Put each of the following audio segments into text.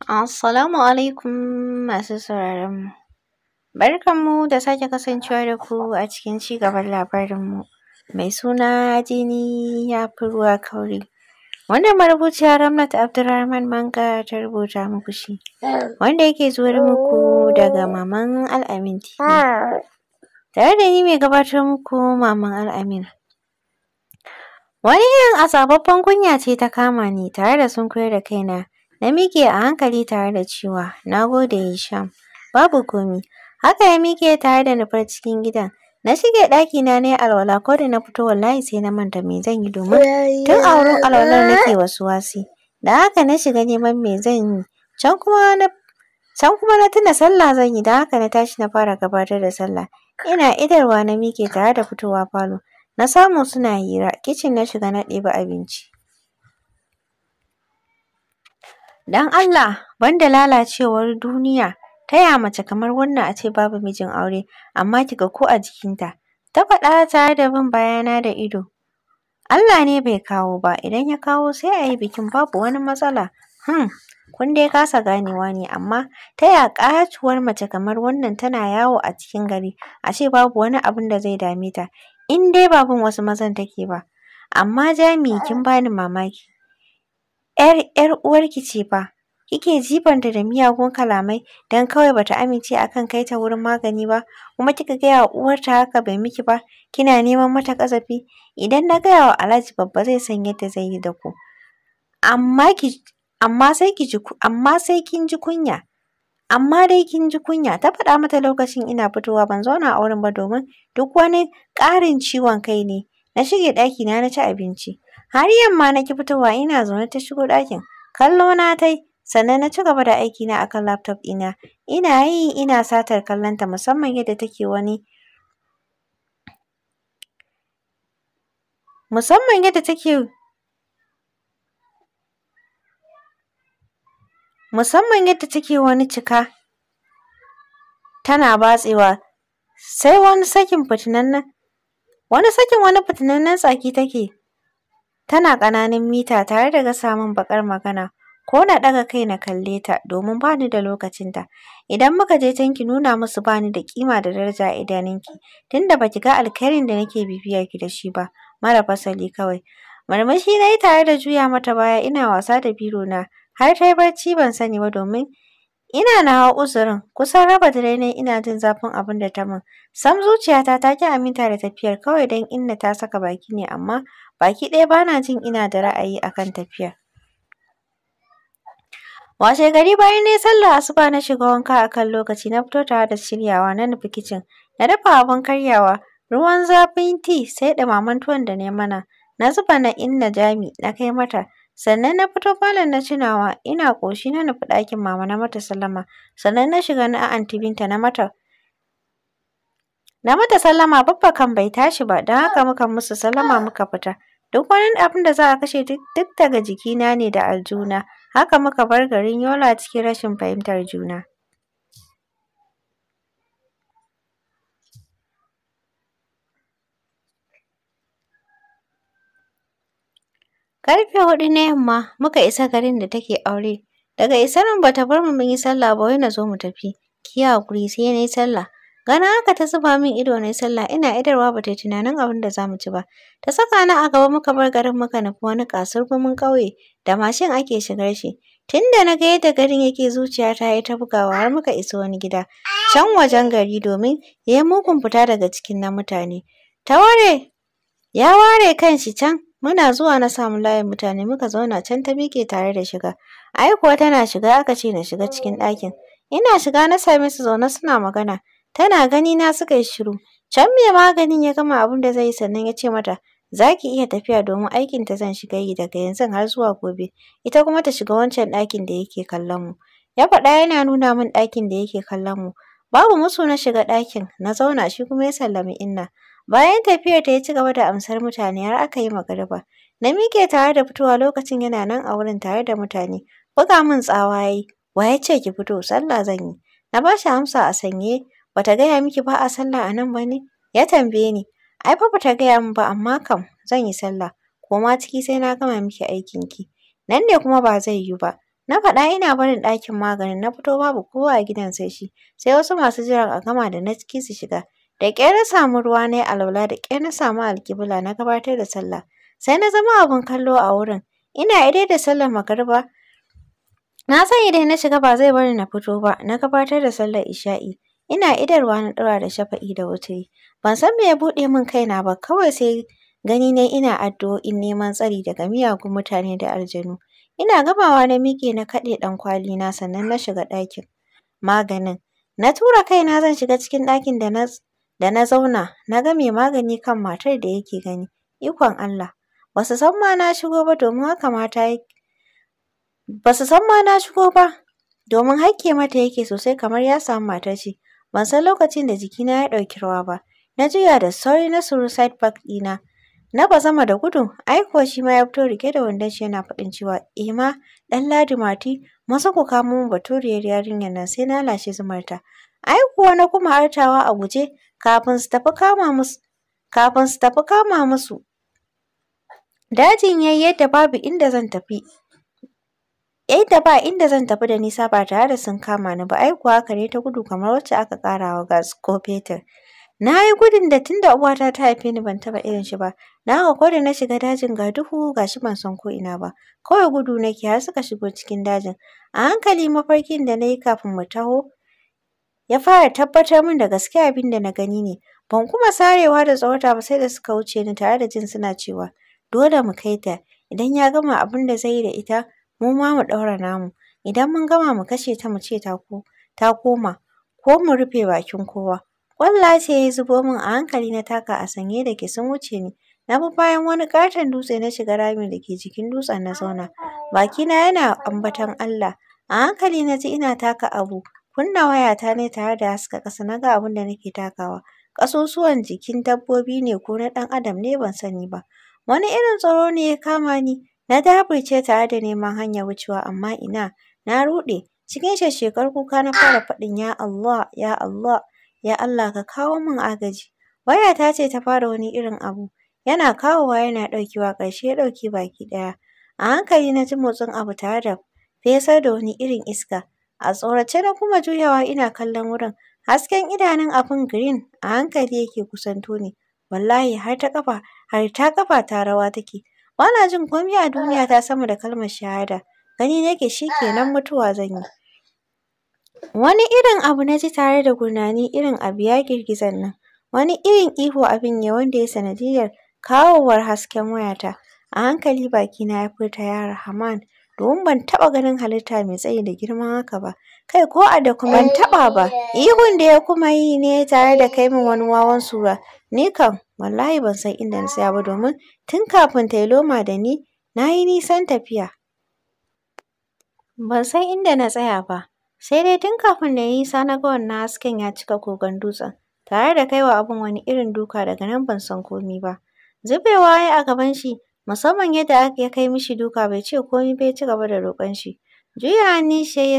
Assalamu alaikum masu sauraron mu. Barkan mu da sake kasancewa da ku a cikin ci gaban labarin mai suna jini ya fi ruwa kauri. Wannan marubuciya Ramnat Abdulrahman Manga ta rubuta muku shi. Wanda yake zuwar muku daga Maman Al'amin TV. Tare da ni mai gabatar muku Maman Al'amin. Wani a sababbin kunya ce ta kama ni tare da sun koyar da kaina. Na miƙe a hankali tare da cewa na gode Hisham, babu komi. Haka ya miƙe tare da nufar cikin gidan. Na shige ɗakina na yi alwala ko da na fito wallahi sai na manta me zan yi domin tun a wurin alwalar nake wasi Da haka na shiga neman me zan yi. Can kuma na tuna sallah zan yi da haka na tashi na fara gabatar da sallah. Ina idarwa na miƙe tare da fitowa falo. Na samu suna hira, kicin na shiga na ɗebi abinci. Dan Allah, banda lalacewar duniya, taya mace kamar wannan a ce babu mijin aure, amma kiga ko a jikinta. Ta faɗa tare da bin bayana da ido. Allah ne bai kawo ba, idan ya kawo sai a yi bikin babu wani matsala. Hmm, kun dai kasa ganewa ne, amma taya ƙatuwar mace kamar wannan tana yawo a cikin gari, a ce babu wani abin da zai dame ta, in dai ba wasu mazan take ba. Amma Jami kin bani mamaki. 'yar 'yar uwarki ce ba kike jifanta da miyagun kalamai don kawai bata amince akan kai ta wurin magani ba kuma kika gaya wa uwarta haka bai miki ba kina neman mata kasafi idan na gaya wa Alhaji babba zai san yadda zai yi da ku amma sai ki kin ji kunya amma dai kin ji kunya ta faɗa mata lokacin ina fitowa ban zauna a wurin ba domin duk wani ƙarin ciwon kai ne na shige ɗakina na ci abinci Har yamma na ki fitowa ina zaune ta shigo ɗakin. Kallo na ta yi, sannan na ci gaba da aikina a kan laptop ɗina. Ina yi ina satar kallonta musamman yadda take wani musamman yadda take musamman yadda take wani cika tana batsewa sai wani sakin fitinannen wani sakin wani fitinannen tsaki take Tana ƙananan mita tare da gasa min baƙar magana ko na ɗaga kai na kalle ta domin ba ni da lokacinta. Idan muka je can ki nuna musu bani da ƙima da daraja a idanunki tunda ba ki ga alkhairin da nake bibiya ki da shi ba mara fasali kawai. Marmashi na yi tare da juya mata baya ina wasa da biro na har ta yi barci ban sani ba domin ina nawa uzurin kusan raba dare ne ina jin zafin abin da ta min sam zuciyata ta ƙi aminta da tafiyar kawai don inna ta saka baki ne amma Baki ɗaya ba na jin ina da ra'ayi a kan tafiyar. Washe gari bayan na yi sallah asuba na shiga wanka a kan lokaci na fito tare da shiryawa na nufi kicin. Na dafa abin karyawa, ruwan zafin ti sai maman tuwon da na yi mana. Na zuba na inna jami na kai mata. Sannan na fito falon na tunawa ina ƙoshi na nufi ɗakin mama na mata sallama. Sannan na shiga na anti Binta na mata na mata sallama babba kan bai tashi ba don haka muka musu sallama muka fita. Duk wani abin da za a kashe duk daga jikina ne da aljuna. Haka muka bar garin Yola cikin rashin fahimtar juna. Karfe hudu na yamma muka isa garin da take aure. Daga isarin bata bar mu mun yi sallah ba wai na zo mu tafi. Ki yi haƙuri sai na yi sallah. Ganin haka ta zuba min ido na sallah ina idarwa ba ta tunanin abin da za mu ci ba. Ta saka ni a gaba muka bar garin muka nufi wani gumin ƙauye da mashin ake shigar shi. Tun da na ga yadda garin yake zuciya ta yi ta bugawa har muka isa wani gida can wajen gari domin ya yi mugun fita daga cikin na mutane. Ta ware ya ware kanshi can muna zuwa na samu layin mutane muka zauna can ta miƙe tare da shiga. Ai kuwa tana shiga aka ce na shiga cikin ɗakin. Ina shiga na same su zaune suna magana. Tana gani na suka yi shiru. Can mai maganin ya gama abin da zai yi sannan ya ce mata, za ki iya tafiya domin aikin ta zan shiga yi daga yanzu har zuwa gobe, ita kuma ta shiga wancan ɗakin da yake kallon mu. Ya faɗa yana nuna min ɗakin da yake kallon mu. Babu musu na shiga ɗakin, na zauna shi kuma ya sallami inna. Bayan tafiyar ta ya ci gaba da amsar mutane har aka yi magariba. Na miƙe tare da fitowa lokacin yana nan a wurin tare da mutane. Buga min tsawa ya wa ya ce ki fito, sallah zan yi. Na ba shi amsa a sanye, bata gaya miki ba a sallah a nan ba ne? Ya tambaye ni. Ai fa bata gaya min ba amma kam zan yi sallah. Koma ciki sai na gama miki aikinki. Nan ne kuma ba zai yiwu ba. Na faɗa ina barin ɗakin maganin na fito babu kowa a gidan sai shi. Sai wasu masu jiran a gama da na ciki su shiga. Da ƙyar na samu ruwa na yi alwala da ƙyar na samu alƙibla na gabatar da sallah. Sai na zama abin kallo a wurin. Ina idai da sallar magariba. Na san idan na shiga ba zai bari na fito ba. Na gabatar da sallar isha'i. Ina idarwa na ɗora da shafa'i da wuturi. Ban san me ya buɗe min kaina ba kawai sai gani ne ina addu'o'in neman tsari daga miyagun mutane da aljanu. Ina gamawa na miƙe na kaɗe ɗankwalina sannan na shiga ɗakin maganin. Na tura kaina zan shiga cikin ɗakin da na da na zauna na ga mai magani kan matar da yake gani. Ikon Allah! Ba su san ma na shigo ba domin haka mata ba su san ma na shigo ba domin mata yake sosai kamar ya samu matar ce. Ban san lokacin da jikina ya ɗauki rawa ba. Na juya da sauri na suru side park ɗina. Na bazama da gudu, ai kuwa shi ma ya fito rike da wandon shi yana faɗin cewa Ima, eh ɗan Ladi Mati, masa ku kamo min baturiyar yarinyar nan sai na lashe zumarta. Ai na kuma artawa a guje kafin su tafi kama musu. Kafin su tafi kama musu. Dajin yayi yadda babu inda zan tafi. da ba inda zan tafi da nisa ba tare da sun kama ni ba ai kuwa kare ta gudu kamar wacce aka wa gas ko fetur na yi gudun da tunda uwata ta haife ni ban taɓa irin shi ba na ga na shiga dajin ga duhu ga shi ban san ko ina ba kawai gudu nake har suka shigo cikin dajin a hankali mafarkin da na yi kafin mu taho ya fara tabbatar min da gaske abin da na gani ne ban kuma sarewa da tsawata ba sai da suka wuce ni tare da jin suna cewa dole mu kai ta idan ya gama abin da zai yi da ita mu ma mu ɗaura namu idan mun gama mu kashe ta mu ce ta ta koma ko mu rufe bakin kowa ƙwallaye ya zubo min a hankali na taka a sanye da ke sun wuce ni na bi bayan wani ƙaton dutse na shiga ramin da ke jikin dutsen na zauna bakina yana ambaton Allah a hankali na ji ina taka abu kunna wayata ne tare da haska ƙasa na ga abin da nake takawa ƙasusuwan jikin dabbobi ne ko na ɗan adam ne ban sani ba wani irin tsaro ne ya kama ni Na daburce tare da neman hanyar wucewa amma ina, na ruɗe. Cikin shashshekar kuka na fara faɗin ya Allah, ya Allah, ya Allah ka kawo min agaji. Wayata ce ta fara wani irin abu, yana kawowa yana ɗaukewa ƙarshe ya ɗauke baki ɗaya. A hankali na ji motsin abu tare da fesar da wani irin iska. A tsorace na kuma juyawa ina kallon wurin. Hasken idanun abin green a hankali yake kusanto ni. Wallahi har ta kafa har ta ƙafa ta rawa take. Wana jin komai a duniya ah. ta sama da kalmar shahada. Gani nake shi kenan ah. mutuwa zan yi. Wani irin abu na ji tare da gurnani irin abu ya girgizan nan. Wani irin ihu abin ne wanda ya sanadiyar kawowar hasken wayata. A hankali bakina ya furta ya Rahman domin ban taɓa ganin halitta mai tsayi da girman haka ba. Kai ko a da kuma taɓa ba. Eh. Ihun da ya kuma yi ne tare da kai min wani wawan sura Ni kam wallahi ban san inda na tsaya ba domin tun kafin ta yi loma da ni na yi nisan tafiya. Ban san inda na tsaya ba, sai dai tun kafin na yi nisa na ga wannan hasken ya cika kogon dutsen tare da kaiwa abin wani irin duka daga nan ban san komi ba. Zubewa ya yi a gaban shi musamman yadda ya kai mishi duka bai ce komi bai ci gaba da roƙon shi. Juya hannun shi ya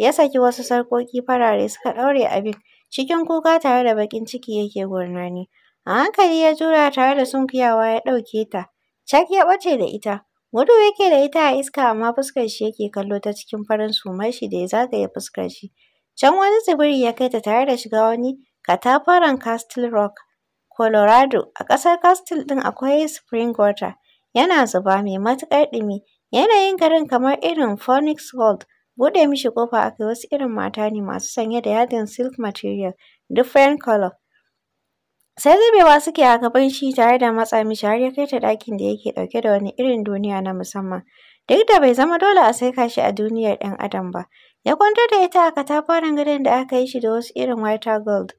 ya saki wasu sarƙoƙi farare suka ɗaure abin cikin kuka tare da baƙin ciki yake gurnani. A hankali ya jura tare da sunkuyawa ya ɗauke ta, cak ya ɓace da ita. Gudu yake da ita a iska amma fuskar shi yake kallo ta cikin farin sumar shi da ya zagaye fuskar shi. Can wani tsibiri ya kai ta tare da shiga wani katafaren Castle Rock, Colorado. A ƙasar Castle ɗin akwai spring water, yana zuba mai matuƙar ɗumi. Yanayin garin kamar irin Phoenix World Buɗe mishi kofa akai wasu irin mata ne masu sanye da yadin silk material different color Sai zubewa suke a gaban shi tare da matsa mishi har ya kai ta dakin da yake ɗauke da wani irin duniya na musamman. Duk da bai zama dole a saika shi a duniyar ɗan adam ba. Ya kwantar da ita a katafaren gadon da aka yi shi da wasu irin white gold.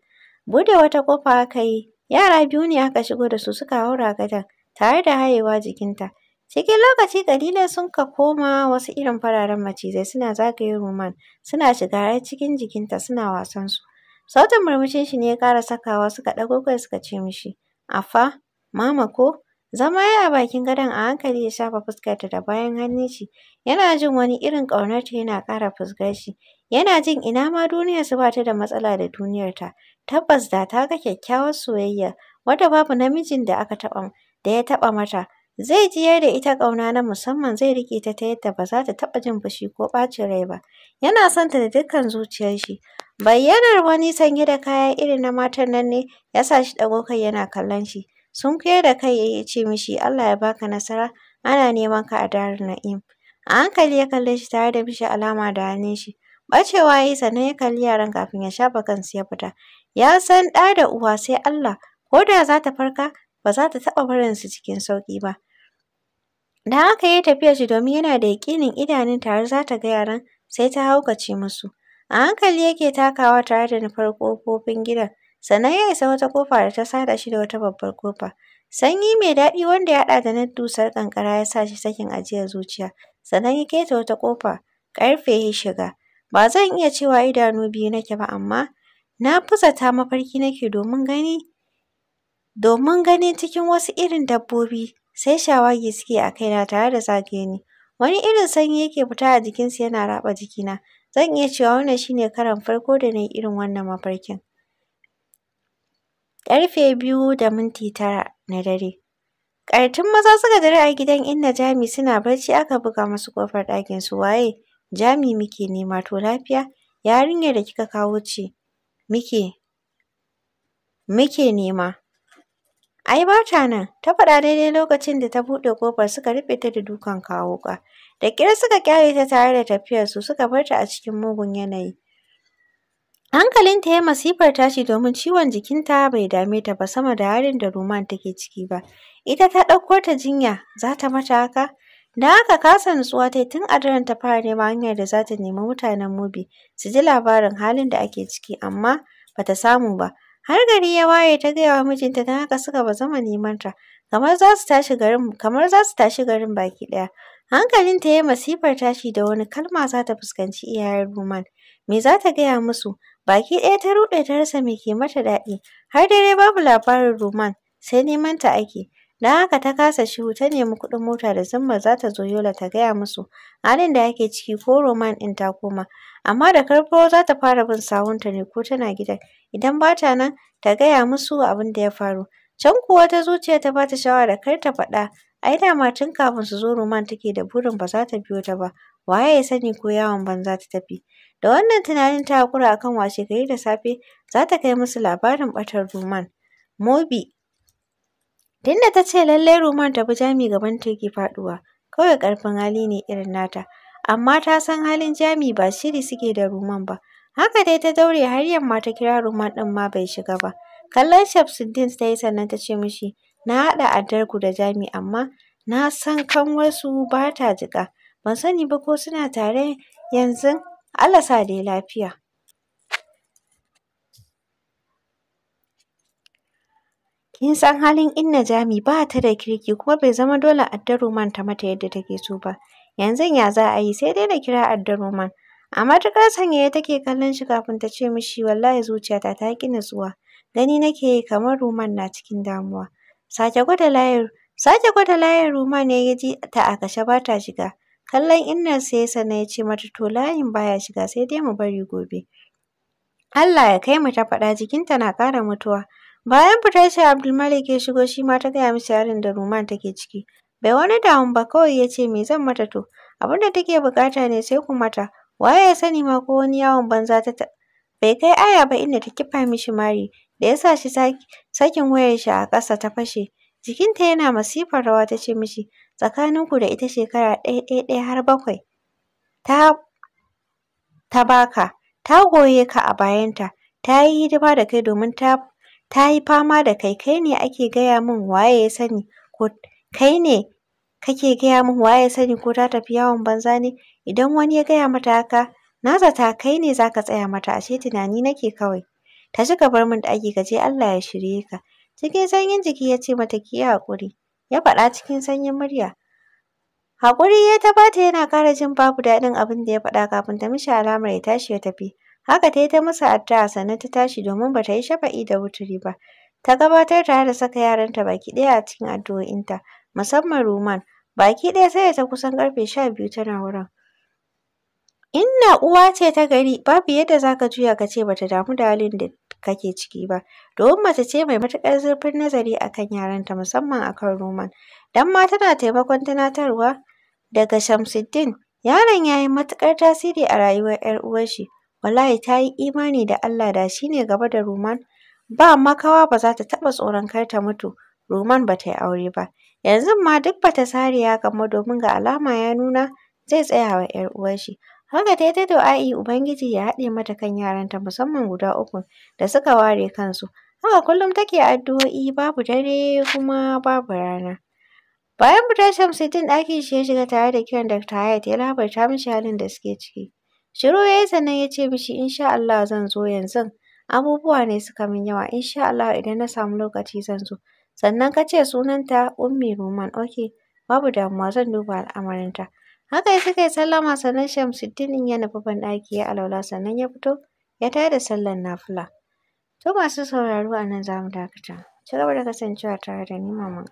Buɗe wata kofa aka yi. Yara biyu ne aka shigo da su suka haura gadon tare da hayewa jikinta. Cikin lokaci ƙalilan sun ka koma wasu irin fararen macizai suna zagaye Roman, suna shiga har cikin jikinta suna wasan su. Sautin murmushin shi ne ya ƙara sakawa suka ɗago kai suka ce mishi, Affa, Mama ko? Zama ya a bakin gadon a hankali ya shafa fuskarta da bayan hannun shi, yana jin wani irin ƙaunarta yana ƙara fusgar shi. Yana jin ina ma duniyarsu su bata da matsala da duniyar ta. tabbas da ta ga kyakkyawar soyayya wadda babu namijin da aka taɓa da ya taɓa mata. Zai jiyar da ita ƙauna na musamman zai riƙe ta ta yadda ba za ta taɓa jin fushi ko ɓacin rai ba. Yana son ta da dukkan zuciyar shi. Bayyanar wani sanye da kaya irin na matan nan ne ya sa shi ɗago kai yana kallon shi. Sun Sunkuyar da kai ya ce mishi Allah ya baka nasara ana neman ka a Darul Na'im. A hankali ya kalle shi tare da mishi alama da hannun shi. Ɓacewa ya yi sannan ya kalli yaran kafin ya shafa kansu ya fita. Ya san ɗa da uwa sai Allah ko da za ta farka ba za ta taɓa barin su cikin sauƙi ba. Da haka ya yi tafiyar shi domin yana da yaƙinin idanun tare za ta ga yaran sai ta haukace musu. A hankali yake takawa tare da nufar ƙofofin gidan, sannan ya isa wata ƙofa da ta sada shi da wata babbar ƙofa. Sanyi mai daɗi wanda ya haɗa da na dusar ƙanƙara ya sa shi sakin ajiyar zuciya, sannan ya keta wata ƙofa, ƙarfe ya shiga. Ba zan iya cewa idanu biyu nake ba amma na fusata mafarki nake domin gani domin ganin cikin wasu irin dabbobi sai shawagi suke a kaina tare da zagaye ni. Wani irin sanyi yake fita a jikinsu yana raɓa jikina. Zan iya cewa wannan shi ne karon farko da na yi irin wannan mafarkin. Ƙarfe biyu da minti tara na dare. Ƙartun maza suka dare a gidan inna Jami suna barci aka buga musu ƙofar ɗakinsu waye? Jami muke nema to lafiya? Yarinyar da kika kawo ce muke muke nema. Ai ba ta nan, ta faɗa daidai lokacin da ta buɗe ƙofar suka rufe ta da dukan kawuka. Da ƙyar suka ƙyale ta tare da tafiyar su, suka bar ta a cikin mugun yanayi. Hankalinta ya masifar tashi domin ciwon jikinta bai dame ta ba sama da harin da Ruman take ciki ba. Ita ta ɗauko ta jinya, za ta mata haka? Da haka kasa nutsuwa ta tun a daren ta fara neman hanyar da za ta nemi mutanen Mubi su ji labarin halin da ake ciki amma ba ta samu ba. Har gari ya waye ta gaya wa mijinta don haka suka bazama nemanta. Kamar za su tashi garin kamar za su tashi garin baki ɗaya. ta yayi masifar tashi da wani kalma za ta fuskanci iyayen Ruman. Me za ta gaya musu? Baki ɗaya ta ruɗe ta rasa me ke mata daɗi. Har dare babu labarin Ruman, sai neman ta ake. Don haka ta kasa shiru ta nemi kuɗin mota da zimmar za ta zo Yola ta gaya musu halin da ake ciki ko Roman ɗin ta koma. Amma da karfo za ta fara bin sawunta ne ko tana gida, Idan ba ta nan ta gaya musu abin da ya faru. Can kuwa ta zuciya ta ba ta shawara kar ta faɗa. Ai dama tun kafin su zo Roman take da burin ba za ta biyo ta ba. Waye ya sani ko yawon za ta tafi. Da wannan tunanin ta haƙura akan washegari da safe za ta kai musu labarin ɓatar Roman. Mobi Dinda ta ce lallai Ruman ta bi Jami gaban ta yake faɗuwa, kawai karfin hali ne irin nata. Amma ta san halin Jami ba shiri suke da Ruman ba. Haka dai ta daure har yamma ta kira Ruman ɗin ma bai shiga ba. Kallon Shamsuddin ta yi sannan ta ce mishi, na haɗa addarku da Jami amma na san kanwarsu ba ta jiƙa. Ban sani ba ko suna tare yanzu? Allah sa dai lafiya. Kin san halin Inna Jami ba ta da kirki kuma bai zama dole Addaroman ta mata yadda take so ba. Yanzu ya za a yi sai dai na kira Addaroman. A sanya ya take kallon shi kafin ta ce mishi wallahi zuciyata ta ƙi natsuwa. Gani nake yi kamar Ruman na cikin damuwa. Sake gwada layin sake gwada layin Ruman ne ya ji ta a kashe ba ta shiga. Kallon Innar sai sannan ya ce mata to layin baya shiga sai dai mu bari gobe. Allah ya kai mu ta faɗa jikinta na ƙara mutuwa. Bayan fitar sai Abdulmalik ya shigo shi ma ta gaya masa yarin da Ruman take ciki. Bai wani damun ba kawai ya ce me zan mata to, abin da take buƙata ne sai ku mata, waye ya sani ma ko wani yawon banza ta Bai kai aya ba inda ta kifa mishi mari da ya sa shi sakin wayar shi a ƙasa ta fashe. Jikinta yana masifar rawa ta ce mishi, ku da ita shekara ɗaya ɗaya ɗaya har bakwai. Ta ta baka, ta goye ka a bayanta, ta yi hidima da kai domin ta ta yi fama da kai, kai ne ake gaya min waye ya sani ko kai ne kake gaya min waye ya sani ko ta tafi yawon banza ne idan wani ya gaya mata haka na zata kai ne za ka tsaya mata ashe tunani nake kawai ta ci ka bar min ɗaki ka je Allah ya shirye ka cikin sanyin jiki ya ce mata ki yi haƙuri ya faɗa cikin sanyin murya haƙuri ya ta bata yana ƙara jin babu daɗin abin da ya faɗa kafin ta mishi alamar ya tashi ya tafi Haka ta yi ta musu addu'a sannan ta tashi domin ba ta yi shafa'i da wuturi ba. Ta gabatar tare da saka yaranta baki ɗaya a cikin addu'o'inta, musamman Roman. Baki ɗaya sai da ta kusan ƙarfe sha biyu tana wurin. Inna uwa ce ta gari, babu yadda za ka juya ka ce ba ta damu da halin da kake ciki ba. Domin mace ce mai matuƙar zurfin nazari a kan yaranta musamman a kan Ruman. Don ma tana taimakon tunatarwa daga Shamsuddin. Yaron ya yi matuƙar tasiri a rayuwar 'yar uwar shi Wallahi ta yi imani da Allah da shi ne gaba da Ruman. Ba makawa ba za ta taɓa tsoron kar ta mutu. Ruman ba ta yi aure ba. Yanzu ma duk ba ta sare ya gamu domin ga alama ya nuna zai tsaya wa 'yar uwarshi. Haka ta yi ta du'a'i Ubangiji ya haɗe mata kan yaranta musamman guda uku da suka ware kansu. Haka kullum take addu'o'i babu dare kuma babu rana. Bayan fitar Shamsuddin ɗakin shi ya shiga tare da kiran Dr. Hayat ya labarta mishi halin da suke ciki. Shiru ya yi sannan ya ce mishi insha Allah zan zo yanzu Abubuwa ne suka min yawa insha Allah idan na samu lokaci zan zo. Sannan ka ce sunanta Ummi Ruman. Ok, babu damuwa zan duba al'amarinta. Haka ya suka yi sallama sannan Shamsuddin ya nufi banɗaki ya alaula sannan ya fito ya tayar da sallar nafila. To masu sauraro a nan za mu dakata. Ci gaba da kasancewa tare da ni Maman